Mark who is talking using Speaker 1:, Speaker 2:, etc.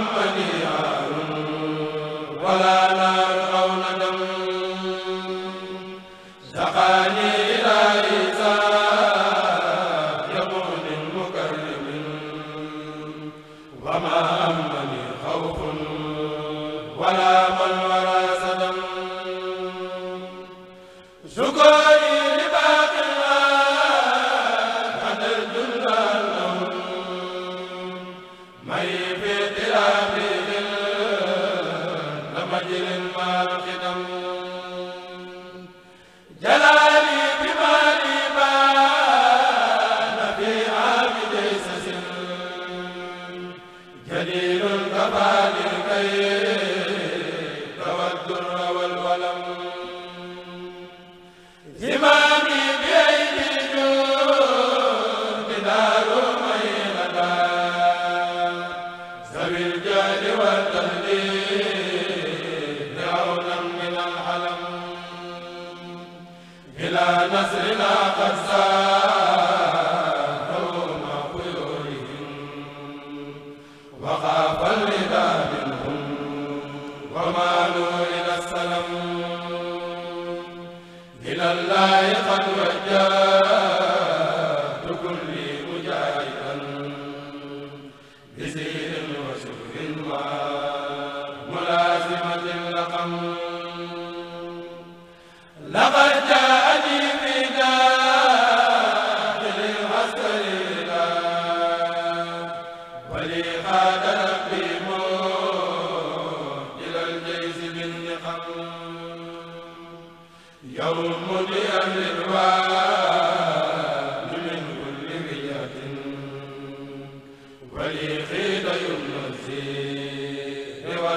Speaker 1: محمد xidam ومالوا إلى السلام إلى الله قد وجه